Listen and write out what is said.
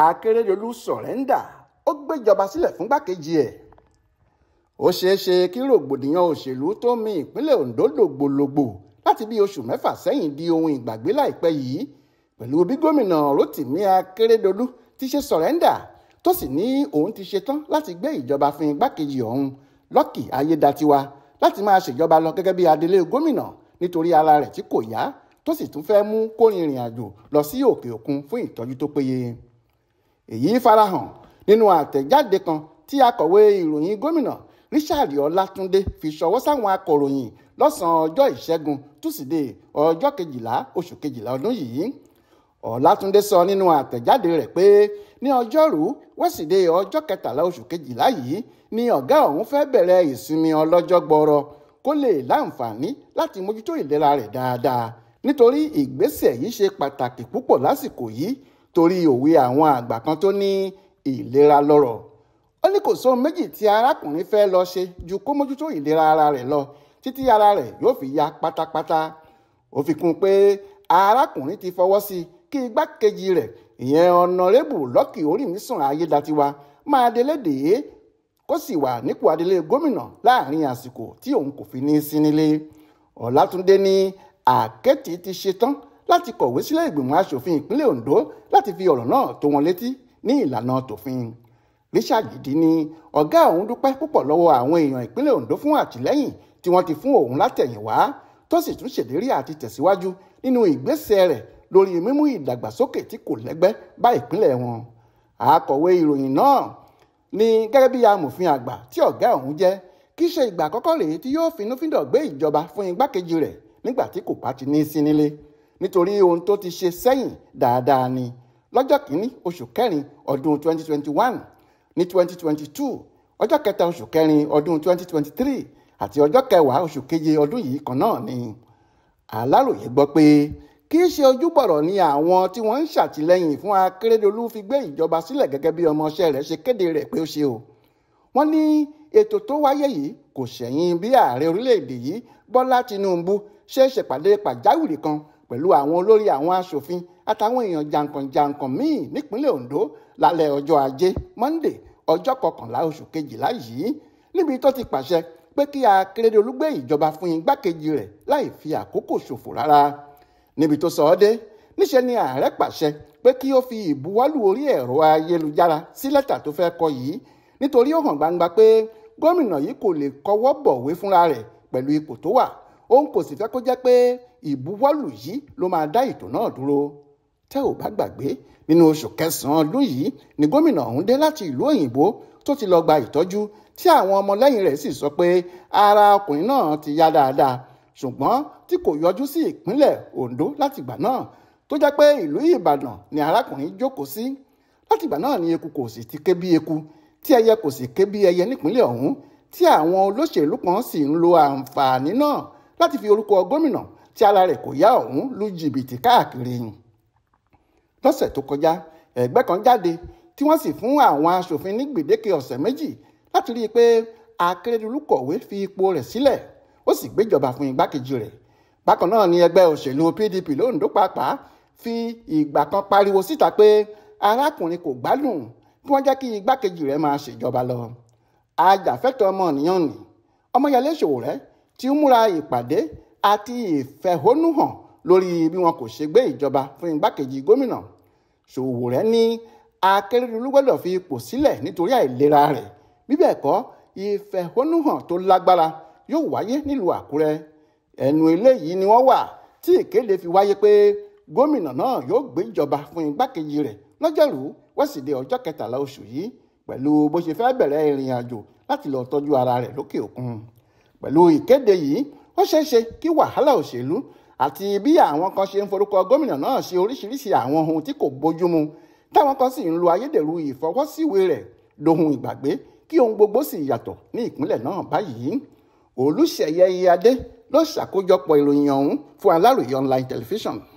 akérèdọ́lù sọ̀rẹ́ńdà ó gbéjọba sílẹ̀ fún gbákejì ẹ̀ ó ṣeé ṣe kí rògbòdìyàn òṣèlú tó mi ìpínlẹ̀ Ondo lògbòlògbò láti bí oṣù mẹ́fà sẹ́yìn di ohun ìgbàgbé láìpẹ́ yìí pẹ̀lú bí gómìnà Rotimi Akérèdọ́lù ti ṣe sọ̀rẹ́ńdà tó sì ní òun ti ṣetán láti gbé ìjọba fún igbákejì ọ̀hún Lucky Ayédatiwa láti máa ṣèjọba lọ gẹ́gẹ́ bí adelé gómìnà nítorí ara rẹ̀ tí kò yá tó sì tún fẹ́ mú kó rìnrìn àjò lọ sí òkè òkun fún ìtọ́jú tó péye èyí farahàn nínú àtẹ̀jáde kan tí akọ̀wé ìròyìn gómìnà Richard Ọlátúndé fi ṣọwọ́ sáwọn akọ̀ròyìn lọ́sàn-án ọjọ́ ìṣẹ́gun túsídẹ̀ẹ́ ọjọ́ kejìlá oṣù kejìlá ọdún yìí Ọlátúndé sọ nínú àtẹ̀jáde rẹ̀ pé ní ọjọ́rú wẹ́sídẹ̀ẹ́ ọjọ́ kẹtàlá oṣù kejìlá yìí ni ọ̀gá ọ̀hún fẹ́ bẹ̀rẹ̀ ìsinmi ọlọ́jọ́ gbọọrọ kó lè láǹfààní láti mójútó ìlera rẹ̀ dáadáa nítorí ìgbésẹ̀ yìí ṣe pàtàkì púpọ̀ lásìkò yìí torí òwe àwọn àgbà kan tó ní ìlera lọ́rọ̀ ó ní kò sóhun méjì tí arákùnrin fẹ́ lọ ṣe ju kó mójútó ìlera ara rẹ̀ lọ títí ara rẹ̀ yóò fi ya pátápátá ó fi kún un pé arákùnrin ti fọwọ́ sí i kí igbákejì rẹ̀ ìyẹn ọ̀nàrẹ́bù lọ́kì orímísùn ayédátiwa máa delédèé kó sì wà nípò adelé gómìnà láàrin àsìkò tí òun kò fi ní sí nílé ọ̀làtúndé ní àkẹ́tì ti ṣetán láti kọ̀wé sílẹ̀ ìgbìmọ̀ asòfin ìpínlẹ̀ Ondo láti fi ọ̀rọ̀ náà tó wọn létí ní ìlànà tòfin Richard Gidi ni ọ̀gá òun dúpẹ́ púpọ̀ lọ́wọ́ àwọn èèyàn ìpínlẹ̀ Ondo fún àtìlẹ́yìn tí wọ́n ti fún òun látẹ̀yìnwá tó sì tún ṣèlérí àti tẹ̀síwájú nínú ìgbésẹ̀ rẹ̀ lórí mímú ìdàgbàsókè tí kò lẹ́gbẹ́ bá ìpínlẹ̀ wọn akọ̀wé ìròyìn náà ni gẹ́gẹ́ bí amòfin àgbà tí ọ̀gá òun jẹ́ kì í ṣe ìgbà àkọ́kọ́ rèé tí yóò finúfíndọ̀ gbé ìjọba fún igbákejì rẹ̀ nígbà tí kò bá ti ní sí nílé nítorí ohun tó ti ṣe sẹ́yìn dáadáa ni lọ́jọ́ kìíní oṣù kẹrin ọdún 2021 ní 2022 ọjọ́ kẹta oṣù kẹrin ọdún 2023 àti ọjọ́ kẹwàá oṣù keje ọdún yìí kan náà ni aláròye gbọ́ pé kì í ṣe ojúbọ̀rọ̀ ni àwọn tí wọ́n ń ṣàtìlẹ́yìn fún akérèdọ́lù fi gbé ìjọba sílẹ̀ gẹ́gẹ́ bí ọmọọṣẹ́ rẹ̀ ṣe kéde rẹ̀ pé ó ṣe o wọ́n ní ètò tó wáyé yìí kò ṣẹ̀yìn bí ààrẹ orílẹ̀-èdè yìí bọ́lá tinubu ṣe é ṣèpàdé pàjáwìrì kan pẹ̀lú àwọn olórí àwọn aṣòfin àtàwọn èèyàn jàǹkànjàǹkàn míì nípínlẹ̀ Ondo lálẹ́ ọjọ́ ajé Monday ọjọ́ kọkànlá oṣù kejìlá yìí níbi tó ti pàṣẹ pé kí Akérédolú gbé ìjọba fún igbákejì rẹ̀ láì fi àkókò ṣòfò rárá níbi tó sọ ọ́ dé níṣẹ́ ni ààrẹ pàṣẹ pé kí ó fi ìbuwọ́lù orí ẹ̀rọ ayélujára sí lẹ́tà tó fẹ́ kọ yìí nítorí ó hàn gbangba pé gómìnà yìí kò lè kọwọ́ bọ̀wé fúnra rẹ̀ pẹ̀lú ipò tó wà òun kò sì fẹ́ kó jẹ́ pé ìbuwọ́lù yìí ló máa dá ètò náà dúró tẹ́ ò bá gbàgbé nínú oṣù kẹsànán ọdún yìí ni gómìnà ọ̀hún dé láti ìlú òyìnbó tó ti lọ gba ìtọ́jú tí àwọn ọmọlẹ́yìn rẹ̀ sì sọ pé ara ọkùnrin náà ti yá dáadáa ṣùgbọ́n tí kò yọjú sí ìpínlẹ̀ Ondo látìgbà náà tó jẹ́ pé ìlú Ìbàdàn ni arákùnrin jókòó sí látìgbà náà ni eku kò sì ti ké bí eku tí ẹyẹ kò sì ké bí ẹyẹ nípínlẹ̀ ọ̀hún tí àwọn olóṣèlú kan sì ń lo àǹfààní náà láti fi orúkọ gómìnà tí ara rẹ̀ kò yá ọ̀hún lu jìbìtì káàkiri yìí lọ́sẹ̀ tó kọjá ẹgbẹ́ kan jáde tí wọ́n sì fún àwọn aṣòfin ní gbèdéke ọ̀sẹ̀ méjì láti rí i pé Akérédolú kọ̀wé fi ipò rẹ̀ sílẹ̀ ó sì gbéjọba fún igbákejì rẹ̀ bákan náà ni ẹgbẹ́ òṣèlú PDP lóńdó pàápàá fi ìgbà kan pariwo síta pé arákùnrin kò gbádùn kí wọ́n jẹ́ kí igbákejì rẹ̀ máa ṣèjọba lọ ajàfẹ́tọ̀ọ́ ọmọnìyàn ni Ọmọyẹlé Sowore tí ń múra ìpàdé àti ìfẹ̀hónúhàn lórí bí wọn kò ṣe gbé ìjọba fún igbákejì gómìnà Ṣòwòrẹ́ ní Akérédolú gbọ́dọ̀ fi ipò sílẹ̀ nítorí àìlera rẹ̀ bí bẹ́ẹ̀ kọ́ ìfẹ̀hónúhàn tó lágbára yóò wáyé nílùú Àkúrẹ́ ẹnu eléyìí ni wọ́n wà tí ìkéde fi wáyé pé gómìnà náà yóò gbé ìjọba fún igbákejì rẹ̀ lọ́jọ́rú wẹ́sídẹ̀ẹ́ ọjọ́ kẹtàlá oṣù yìí pẹ̀lú bó ṣe fẹ́ bẹ̀rẹ̀ ìrìn àjò láti lọ tọ́jú ara rẹ̀ lókè òkun pẹ̀lú ìkéde yìí ó ṣeé ṣe kí wàhálà òṣèlú àti bí àwọn kan ṣe ń forúkọ gómìnà náà ṣe oríṣiríṣi àwọn ohun tí kò bójúmu táwọn kan sì ń lo ayédèrú ìfọwọ́síwèé rẹ̀ dohun ìgbàgbé kí ohun gbogbo sì yàtọ̀ ní ìpínlẹ̀ náà báyìí olùṣeyẹ iyadé ló ṣàkójọpọ̀ ìròyìn ọ̀hún fún aláròye online television.